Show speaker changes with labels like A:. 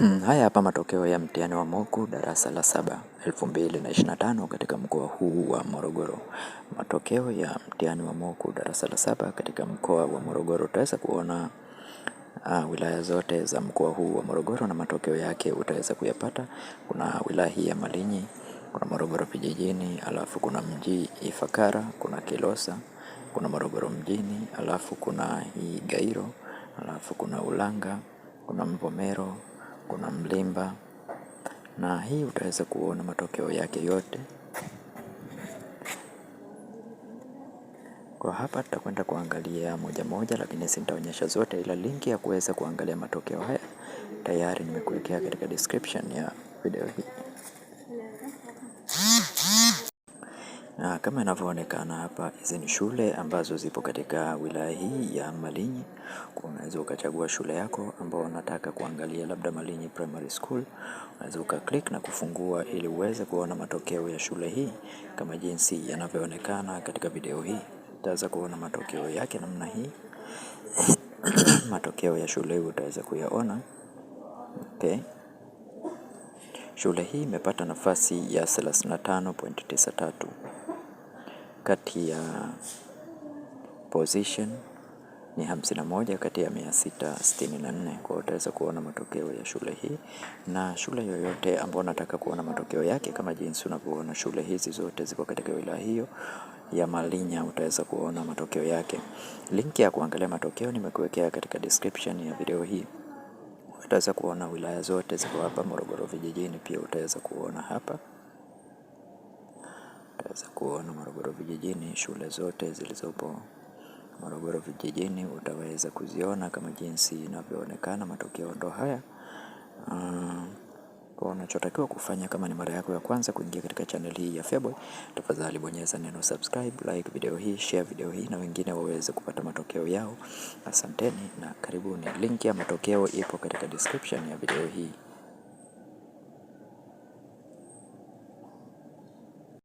A: Mm, haya hapa matokeo ya mtihani wa moku darasa la saba 2025 katika mkoa huu wa Morogoro. Matokeo ya mtihani wa moku darasa la saba katika mkoa wa Morogoro, utaweza kuona uh, wilaya zote za mkoa huu wa Morogoro na matokeo yake utaweza kuyapata. Kuna wilaya hii ya Malinyi, kuna Morogoro vijijini, alafu kuna mji Ifakara, kuna Kilosa, kuna Morogoro mjini, alafu kuna hii Gairo, alafu kuna Ulanga, kuna Mvomero kuna mlimba, na hii utaweza kuona matokeo yake yote. Kwa hapa tutakwenda kuangalia moja moja, lakini si nitaonyesha zote, ila linki ya kuweza kuangalia matokeo haya tayari nimekuwekea katika description ya video hii. Na kama inavyoonekana hapa, hizi ni shule ambazo zipo katika wilaya hii ya Malinyi. Unaweza ukachagua shule yako ambao unataka kuangalia, labda Malinyi Primary School. Unaweza ukaklik na kufungua ili uweze kuona matokeo ya shule hii kama jinsi yanavyoonekana katika video hii. Utaweza kuona matokeo yake namna hii matokeo ya shule hii utaweza kuyaona. Okay. Shule hii imepata nafasi ya 35.93 kati ya position ni 51 kati ya 664. Kwa utaweza kuona matokeo ya shule hii, na shule yoyote ambayo unataka kuona matokeo yake kama jinsi unavyoona shule hizi zote ziko katika wilaya hiyo ya Malinya, utaweza kuona matokeo yake. Linki ya kuangalia matokeo nimekuwekea katika description ya video hii. Utaweza kuona wilaya zote ziko hapa Morogoro vijijini, pia utaweza kuona hapa za kuona Morogoro vijijini. Shule zote zilizopo Morogoro vijijini utaweza kuziona kama jinsi inavyoonekana matokeo ndo haya. Uh, unachotakiwa kufanya kama ni mara yako ya kwanza kuingia katika channel hii ya Feaboy, tafadhali bonyeza neno subscribe, like video hii, share video hii na wengine waweze kupata matokeo yao. Asanteni na karibuni. Link ya matokeo ipo katika description ya video hii.